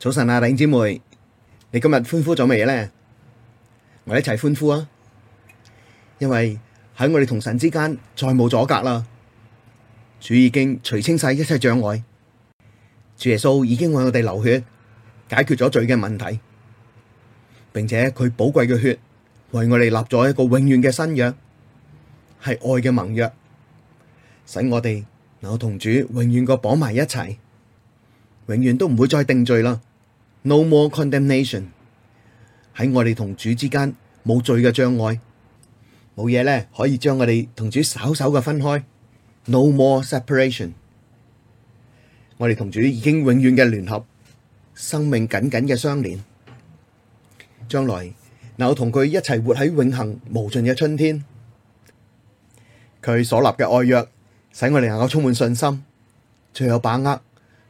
早晨啊，弟兄姊妹，你今日歡呼咗未咧？我哋一齊歡呼啊！因為喺我哋同神之間再冇阻隔啦，主已經除清晒一切障礙，主耶穌已經為我哋流血解決咗罪嘅問題，並且佢寶貴嘅血為我哋立咗一個永遠嘅新約，係愛嘅盟約，使我哋能夠同主永遠個綁埋一齊，永遠都唔會再定罪啦。No more condemnation，喺我哋同主之間冇罪嘅障礙，冇嘢，咧可以將我哋同主稍稍嘅分開。No more separation，我哋同主已經永遠嘅聯合，生命緊緊嘅相連，將來能夠同佢一齊活喺永恆無盡嘅春天，佢所立嘅愛約使我哋能夠充滿信心，最有把握，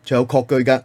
最有確據嘅，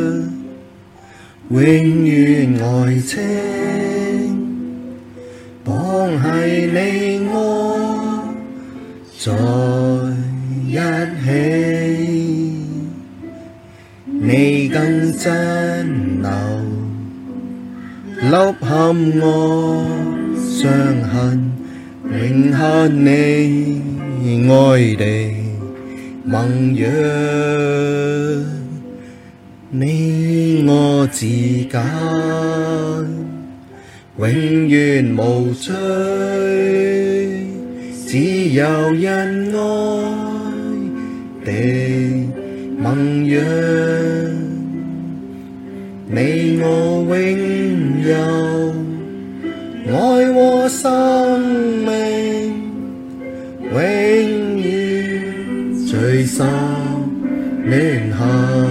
永遠愛情，綁繫你我在一起，你更珍留凹陷愛傷痕，永刻你愛的盟約。你我之間永遠無罪，只有恩愛的盟約。你我永有愛和生命，永遠最深聯合！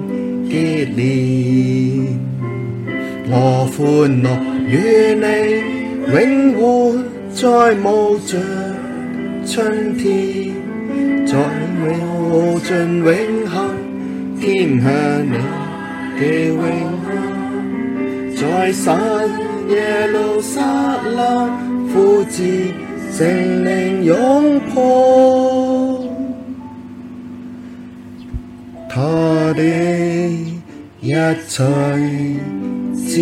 我歡樂與你永活在無盡春天，在無盡永恆甜享你的永恆，在新耶路撒冷，父子聖靈擁抱，他的，一切至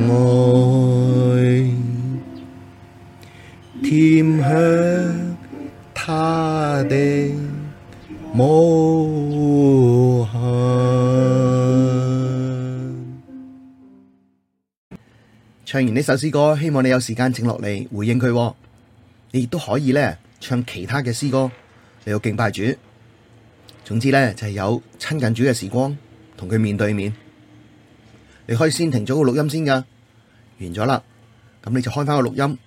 愛，甜享他的無限。唱完呢首詩歌，希望你有時間靜落嚟回應佢。你亦都可以咧唱其他嘅詩歌，嚟到敬拜主。總之咧就係有親近主嘅時光。同佢面對面，你可以先停咗個錄音先㗎，完咗啦，咁你就開翻個錄音，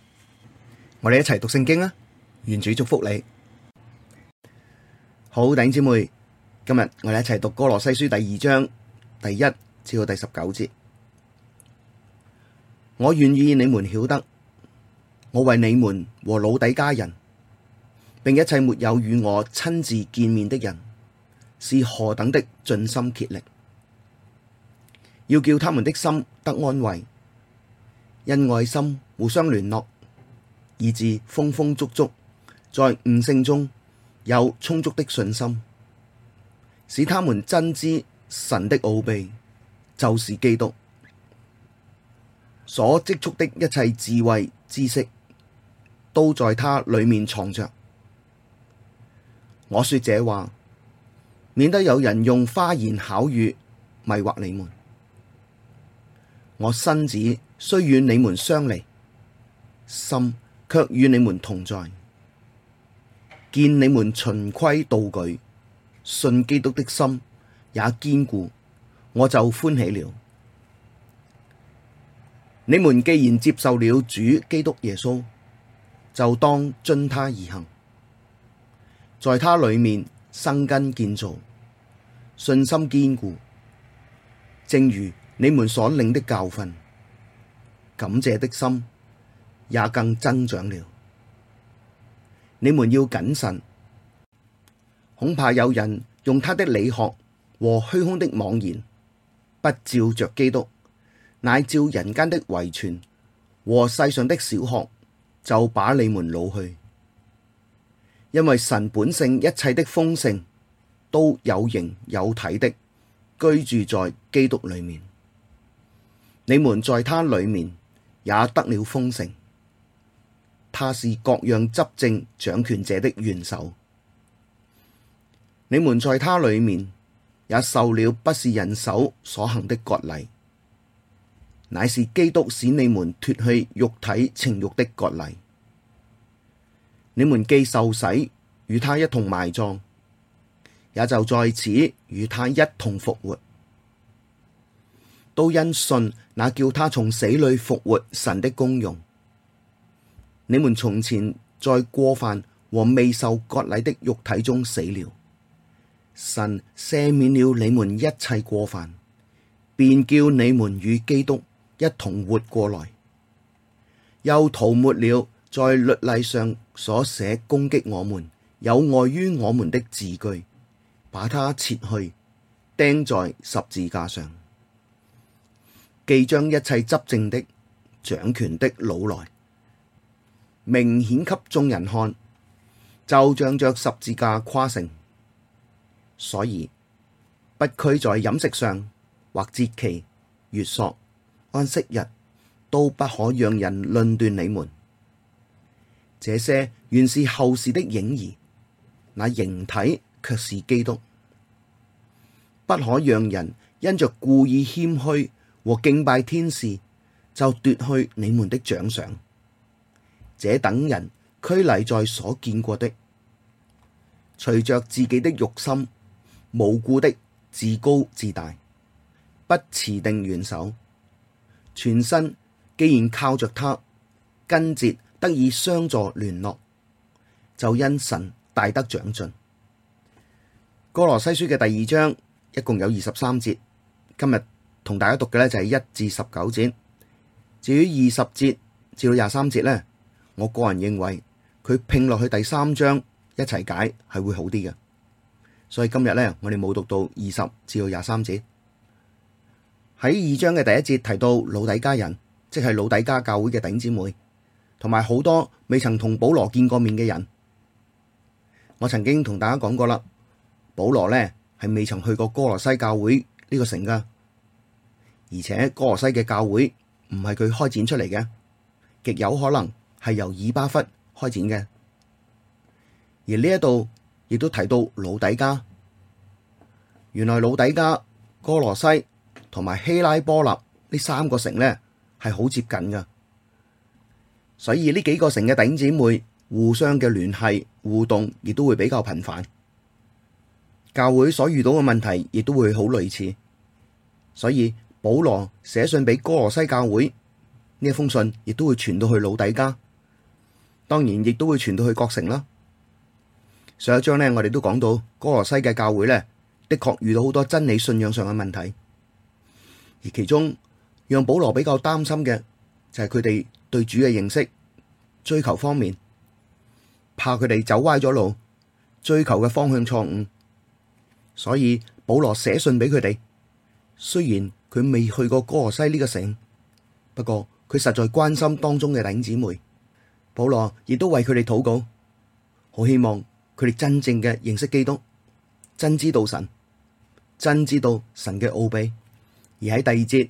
我哋一齊讀聖經啊！願主祝福你，好，弟兄姊妹，今日我哋一齊讀哥羅西書第二章第一至到第十九節，我願意你們曉得，我為你們和老底嘉人，並一切沒有與我親自見面的人，是何等的盡心竭力。要叫他們的心得安慰，因愛心互相聯絡，以致豐豐足足，在悟性中有充足的信心，使他們真知神的奧祕，就是基督。所積蓄的一切智慧知識，都在他裡面藏着。我說這話，免得有人用花言巧語迷惑你們。我身子雖與你們相離，心卻與你們同在。見你們循規蹈矩，信基督的心也堅固，我就歡喜了。你們既然接受了主基督耶穌，就當遵他而行，在他裡面生根建造，信心堅固，正如。你們所領的教訓，感謝的心也更增長了。你們要謹慎，恐怕有人用他的理學和虛空的妄言，不照着基督，乃照人間的遺傳和世上的小學，就把你們擄去。因為神本性一切的豐盛都有形有體的居住在基督裡面。你們在他裡面也得了豐盛，他是各樣執政掌權者的元首。你們在他裡面也受了不是人手所行的割禮，乃是基督使你們脫去肉體情欲的割禮。你們既受洗與他一同埋葬，也就在此與他一同復活。都因信那叫他從死裡復活神的功用，你們從前在過犯和未受割禮的肉體中死了，神赦免了你們一切過犯，便叫你們與基督一同活過來，又塗抹了在律例上所寫攻擊我們有礙於我們的字據，把他撤去，釘在十字架上。既將一切執政的、掌權的擄來，明顯給眾人看，就仗著十字架誇勝。所以，不拘在飲食上或節期、月朔、安息日都不可讓人論斷你們。這些原是後事的影兒，那形體卻是基督。不可讓人因着故意謙虛。和敬拜天使，就奪去你們的獎賞。這等人拘泥在所見過的，隨着自己的慾心，無故的自高自大，不持定元首。全身既然靠着他，筋節得以相助聯絡，就因神大得長進。歌羅西書嘅第二章一共有二十三節，今日。同大家讀嘅咧就係一至十九節，至於二十節至到廿三節咧，我個人認為佢拼落去第三章一齊解係會好啲嘅，所以今日咧我哋冇讀到二十至到廿三節。喺二章嘅第一節提到老底嘉人，即係老底嘉教會嘅頂姊妹，同埋好多未曾同保羅見過面嘅人。我曾經同大家講過啦，保羅咧係未曾去過歌羅西教會呢個城噶。而且哥羅西嘅教會唔係佢開展出嚟嘅，極有可能係由以巴弗開展嘅。而呢一度亦都提到老底嘉，原來老底嘉、哥羅西同埋希拉波立呢三個城呢係好接近噶，所以呢幾個城嘅弟兄姊妹互相嘅聯繫互動亦都會比較頻繁，教會所遇到嘅問題亦都會好類似，所以。保羅寫信俾哥羅西教會，呢一封信亦都會傳到去老底嘉，當然亦都會傳到去各城啦。上一章呢，我哋都講到哥羅西嘅教會呢，的確遇到好多真理信仰上嘅問題，而其中讓保羅比較擔心嘅就係佢哋對主嘅認識追求方面，怕佢哋走歪咗路，追求嘅方向錯誤，所以保羅寫信俾佢哋。雖然佢未去過歌羅西呢個城，不過佢實在關心當中嘅弟姊妹。保羅亦都為佢哋禱告，好希望佢哋真正嘅認識基督，真知道神，真知道神嘅奧祕。而喺第二節，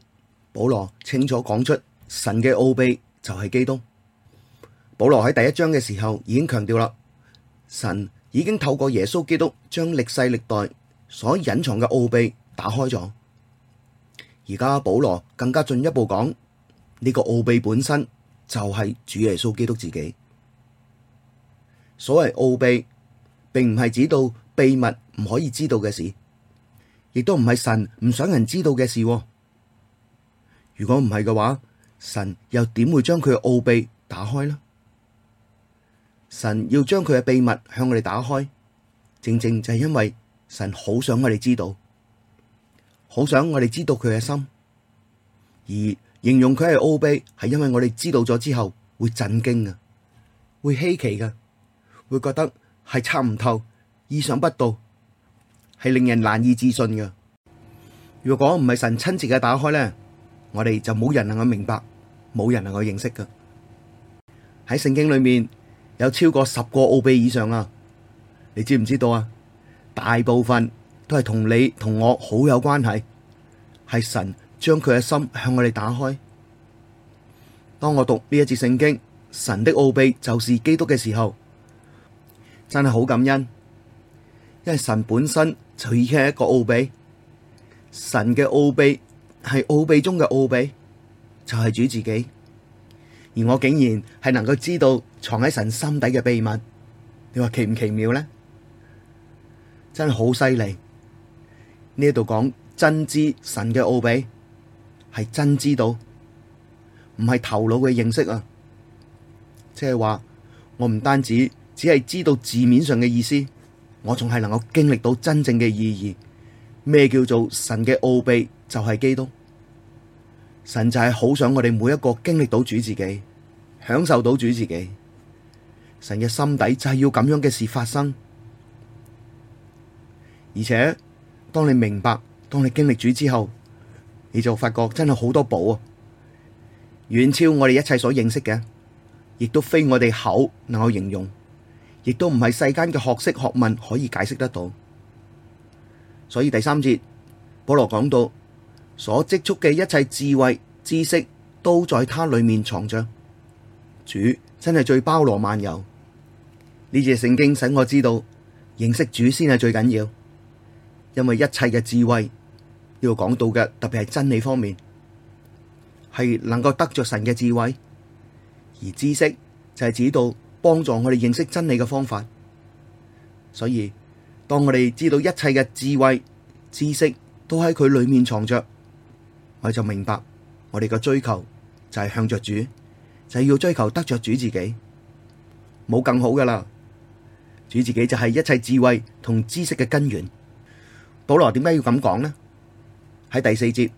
保羅清楚講出神嘅奧祕就係基督。保羅喺第一章嘅時候已經強調啦，神已經透過耶穌基督將歷世歷代所隱藏嘅奧祕打開咗。而家保羅更加進一步講，呢個奧秘本身就係主耶穌基督自己。所謂奧秘，並唔係指到秘密唔可以知道嘅事，亦都唔係神唔想人知道嘅事。如果唔係嘅話，神又點會將佢嘅奧秘打開呢？神要將佢嘅秘密向我哋打開，正正就係因為神好想我哋知道。好想我哋知道佢嘅心，而形容佢係奧秘，係因為我哋知道咗之後會震驚啊，會稀奇噶，會覺得係參唔透、意想不到，係令人難以置信嘅。如果唔係神親自嘅打開咧，我哋就冇人能夠明白，冇人能夠認識噶。喺聖經裏面有超過十個奧秘以上啊，你知唔知道啊？大部分。都係同你同我好有關係，係神將佢嘅心向我哋打開。當我讀呢一節聖經，神的奧祕就是基督嘅時候，真係好感恩，因為神本身就已經係一個奧祕。神嘅奧祕係奧祕中嘅奧祕，就係、是、主自己。而我竟然係能夠知道藏喺神心底嘅秘密，你話奇唔奇妙呢？真係好犀利！呢度講真知神嘅奧秘係真知道，唔係頭腦嘅認識啊！即係話我唔單止只係知道字面上嘅意思，我仲係能夠經歷到真正嘅意義。咩叫做神嘅奧秘？就係基督。神就係好想我哋每一個經歷到主自己，享受到主自己。神嘅心底就係要咁樣嘅事發生，而且。當你明白，當你經歷主之後，你就發覺真係好多寶啊，遠超我哋一切所認識嘅，亦都非我哋口能夠形容，亦都唔係世間嘅學識學問可以解釋得到。所以第三節，保羅講到，所積蓄嘅一切智慧知識都在他裏面藏着。主真係最包羅萬有，呢節聖經使我知道認識主先係最緊要。因為一切嘅智慧，要講到嘅，特別係真理方面，係能夠得着神嘅智慧，而知識就係指導幫助我哋認識真理嘅方法。所以當我哋知道一切嘅智慧、知識都喺佢裏面藏着，我就明白我哋個追求就係向着主，就係要追求得着主自己，冇更好㗎啦。主自己就係一切智慧同知識嘅根源。保羅點解要咁講呢？喺第四節，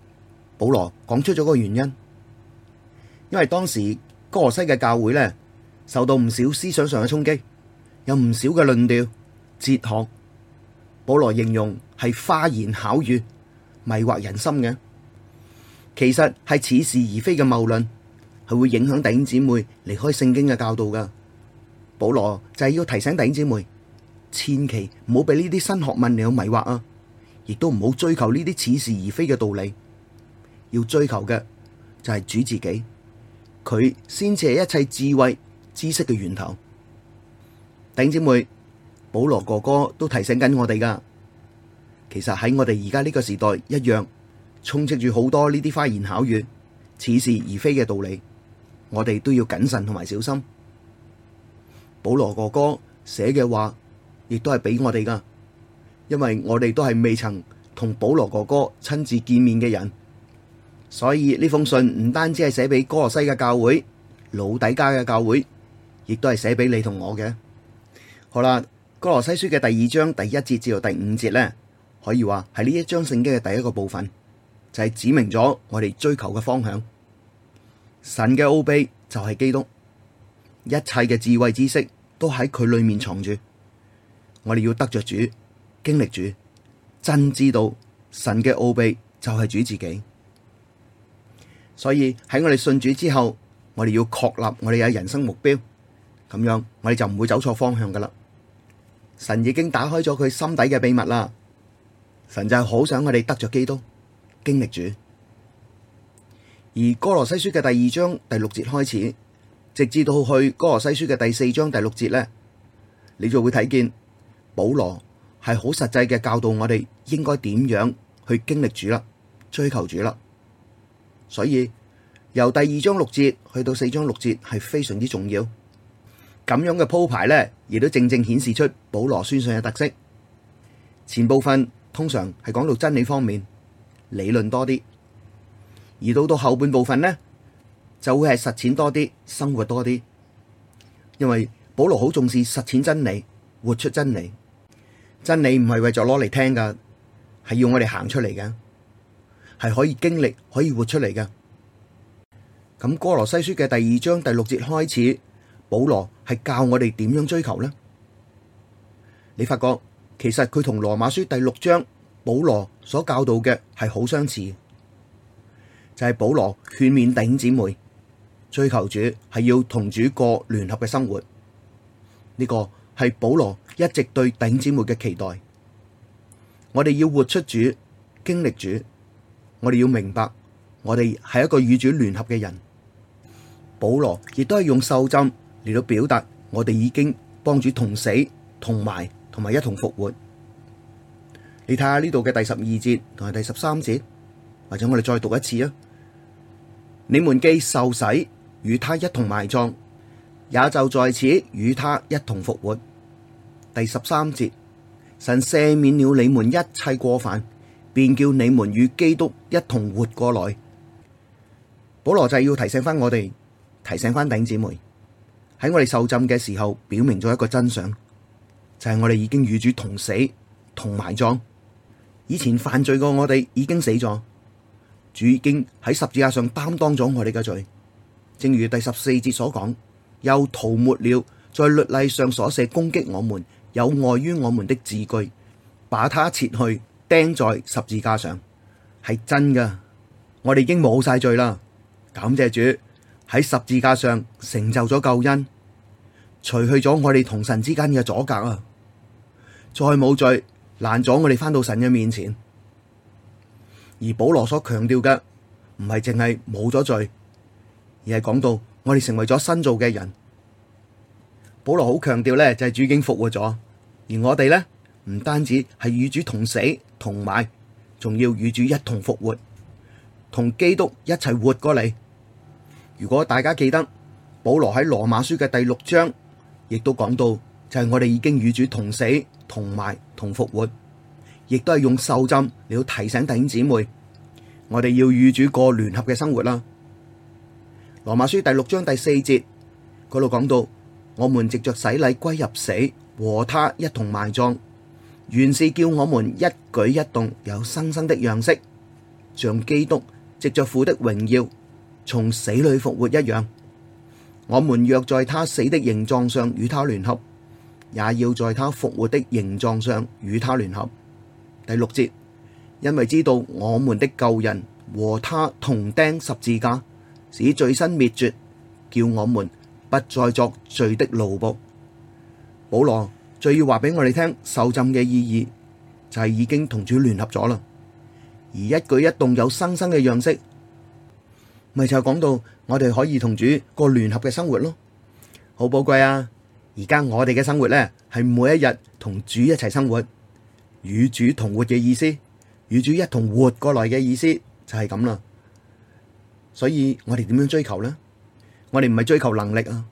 保羅講出咗個原因，因為當時歌羅西嘅教會咧受到唔少思想上嘅衝擊，有唔少嘅論調、哲學，保羅形容係花言巧語、迷惑人心嘅，其實係似是而非嘅謬論，係會影響弟兄姊妹離開聖經嘅教導噶。保羅就係要提醒弟兄姊妹，千祈唔好俾呢啲新學問嚟，去迷惑啊！亦都唔好追求呢啲似是而非嘅道理，要追求嘅就係主自己，佢先至係一切智慧知識嘅源頭。頂姐妹，保羅哥哥都提醒緊我哋㗎，其實喺我哋而家呢個時代一樣充斥住好多呢啲花言巧語、似是而非嘅道理，我哋都要謹慎同埋小心。保羅哥哥寫嘅話，亦都係俾我哋㗎。因為我哋都係未曾同保羅哥哥親自見面嘅人，所以呢封信唔單止係寫俾哥羅西嘅教會、老底嘉嘅教會，亦都係寫俾你同我嘅。好啦，哥羅西書嘅第二章第一節至到第五節咧，可以話係呢一章聖經嘅第一個部分，就係指明咗我哋追求嘅方向。神嘅奧祕就係基督，一切嘅智慧知識都喺佢裏面藏住，我哋要得着主。經歷主，真知道神嘅奧祕就係主自己。所以喺我哋信主之後，我哋要確立我哋有人生目標，咁樣我哋就唔會走錯方向噶啦。神已經打開咗佢心底嘅秘密啦，神就係好想我哋得着基督經歷主。而哥羅西書嘅第二章第六節開始，直至到去哥羅西書嘅第四章第六節咧，你就會睇見保羅。係好實際嘅教導，我哋應該點樣去經歷主啦，追求主啦。所以由第二章六節去到四章六節係非常之重要。咁樣嘅鋪排咧，亦都正正顯示出保羅書信嘅特色。前部分通常係講到真理方面、理論多啲，而到到後半部分咧就會係實踐多啲、生活多啲。因為保羅好重視實踐真理，活出真理。真理唔係為咗攞嚟聽噶，係要我哋行出嚟嘅，係可以經歷、可以活出嚟嘅。咁哥羅西書嘅第二章第六節開始，保羅係教我哋點樣追求呢？你發覺其實佢同羅馬書第六章保羅所教導嘅係好相似，就係保羅勸勉弟兄姊妹追求主，係要同主過聯合嘅生活。呢個係保羅一直對弟兄姊妹嘅期待，我哋要活出主，經歷主，我哋要明白，我哋係一個與主聯合嘅人。保羅亦都係用受浸嚟到表達，我哋已經幫主同死，同埋同埋一同復活。你睇下呢度嘅第十二節同埋第十三節，或者我哋再讀一次啊！你們既受洗與他一同埋葬，也就在此與他一同復活。第十三節，神赦免了你們一切過犯，便叫你們與基督一同活過來。保羅就係要提醒翻我哋，提醒翻弟姐妹，喺我哋受浸嘅時候，表明咗一個真相，就係、是、我哋已經與主同死、同埋葬。以前犯罪過我哋已經死咗，主已經喺十字架上擔當咗我哋嘅罪。正如第十四節所講，又塗抹了在律例上所寫攻擊我們。有礙於我們的字據，把他切去，釘在十字架上，係真噶。我哋已經冇晒罪啦，感謝主喺十字架上成就咗救恩，除去咗我哋同神之間嘅阻隔啊！再冇罪難阻我哋返到神嘅面前。而保羅所強調嘅唔係淨係冇咗罪，而係講到我哋成為咗新造嘅人。保羅好強調咧，就係主已經復活咗，而我哋咧唔單止係與主同死，同埋仲要與主一同復活，同基督一齊活過嚟。如果大家記得，保羅喺羅馬書嘅第六章，亦都講到就係我哋已經與主同死，同埋同復活，亦都係用受浸，嚟要提醒弟兄姊妹，我哋要與主過聯合嘅生活啦。羅馬書第六章第四節嗰度講到。我們藉着洗禮歸入死，和他一同埋葬，原是叫我們一舉一動有新生的樣式，像基督藉着父的榮耀從死裏復活一樣。我們若在他死的形狀上與他聯合，也要在他復活的形狀上與他聯合。第六節，因為知道我們的舊人和他同釘十字架，使罪身滅絕，叫我們。不再作罪的奴僕，保羅最要話俾我哋聽受浸嘅意義就係已經同主聯合咗啦，而一舉一動有新生嘅樣式，咪就係講到我哋可以同主過聯合嘅生活咯。好寶貴啊！而家我哋嘅生活咧係每一日同主一齊生活，與、啊、主，主同活嘅意思，與主一同活過來嘅意思就係咁啦。所以我哋點樣追求咧？我哋唔係追求能力啊！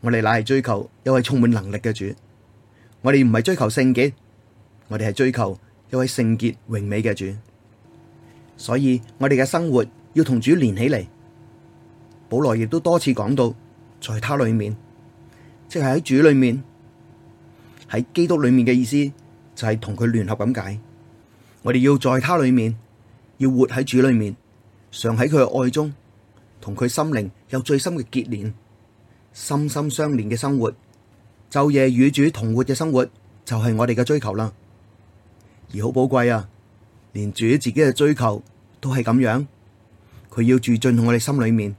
我哋乃係追求一位充滿能力嘅主。我哋唔係追求聖潔，我哋係追求一位聖潔榮美嘅主。所以，我哋嘅生活要同主連起嚟。保羅亦都多次講到，在他裏面，即係喺主裏面，喺基督裏面嘅意思，就係同佢聯合咁解。我哋要在他裏面，要活喺主裏面，常喺佢嘅愛中。同佢心靈有最深嘅結連，心心相連嘅生活，晝夜與主同活嘅生活，就係、是、我哋嘅追求啦。而好寶貴啊，連主自己嘅追求都係咁樣，佢要住進我哋心裏面，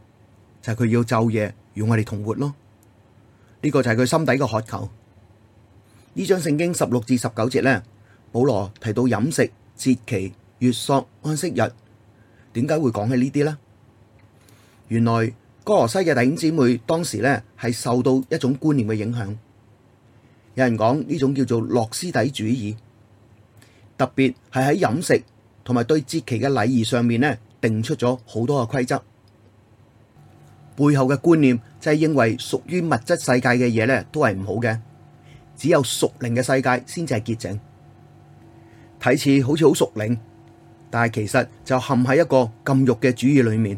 就係、是、佢要晝夜與我哋同活咯。呢、這個就係佢心底嘅渴求。呢章聖經十六至十九節呢，保羅提到飲食、節期、月朔、安息日，點解會講起呢啲呢？原來哥羅西嘅弟兄姊妹當時呢係受到一種觀念嘅影響，有人講呢種叫做諾斯底主義，特別係喺飲食同埋對節期嘅禮儀上面呢，定出咗好多嘅規則，背後嘅觀念就係認為屬於物質世界嘅嘢呢都係唔好嘅，只有屬靈嘅世界先至係潔淨。睇似好似好屬靈，但係其實就陷喺一個禁欲嘅主義裡面。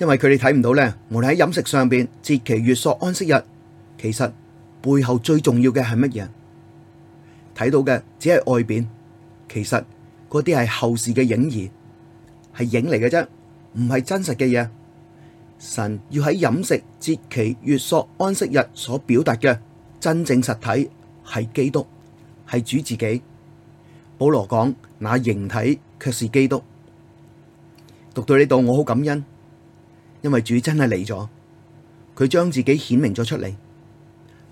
因為佢哋睇唔到咧，無論喺飲食上邊、節期、月朔、安息日，其實背後最重要嘅係乜嘢？睇到嘅只係外邊，其實嗰啲係後事嘅影兒，係影嚟嘅啫，唔係真實嘅嘢。神要喺飲食、節期、月朔、安息日所表達嘅真正實體係基督，係主自己。保羅講：那形體卻是基督。讀到呢度，我好感恩。因為主真係嚟咗，佢將自己顯明咗出嚟，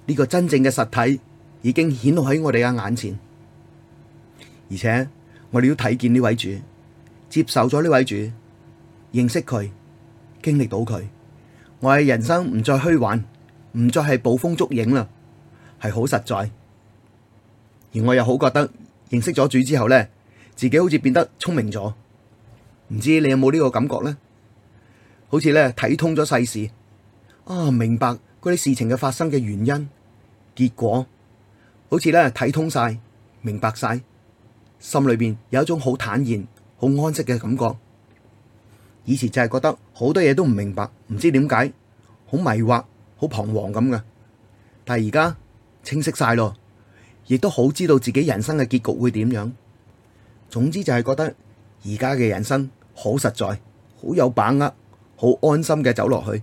呢個真正嘅實體已經顯露喺我哋嘅眼前，而且我哋要睇見呢位主，接受咗呢位主，認識佢，經歷到佢，我嘅人生唔再虛幻，唔再係捕風捉影啦，係好實在。而我又好覺得認識咗主之後咧，自己好似變得聰明咗，唔知你有冇呢個感覺咧？好似咧睇通咗世事啊，明白嗰啲事情嘅發生嘅原因結果，好似咧睇通晒，明白晒，心裏邊有一種好坦然、好安息嘅感覺。以前就係覺得好多嘢都唔明白，唔知點解，好迷惑、好彷徨咁嘅。但係而家清晰晒咯，亦都好知道自己人生嘅結局會點樣。總之就係覺得而家嘅人生好實在，好有把握。好安心嘅走落去。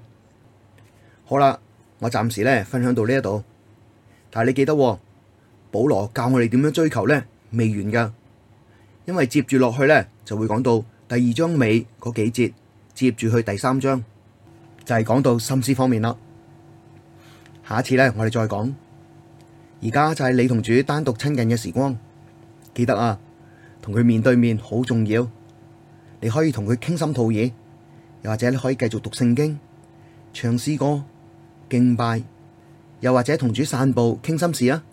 好啦，我暫時咧分享到呢一度，但係你記得保羅教我哋點樣追求咧，未完噶，因為接住落去咧就會講到第二章尾嗰幾節，接住去第三章就係講到心思方面啦。下一次咧，我哋再講。而家就係你同主單獨親近嘅時光，記得啊，同佢面對面好重要，你可以同佢傾心吐意。又或者你可以繼續讀聖經、唱詩歌、敬拜，又或者同主散步傾心事啊，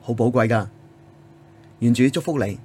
好寶貴噶。願主祝福你。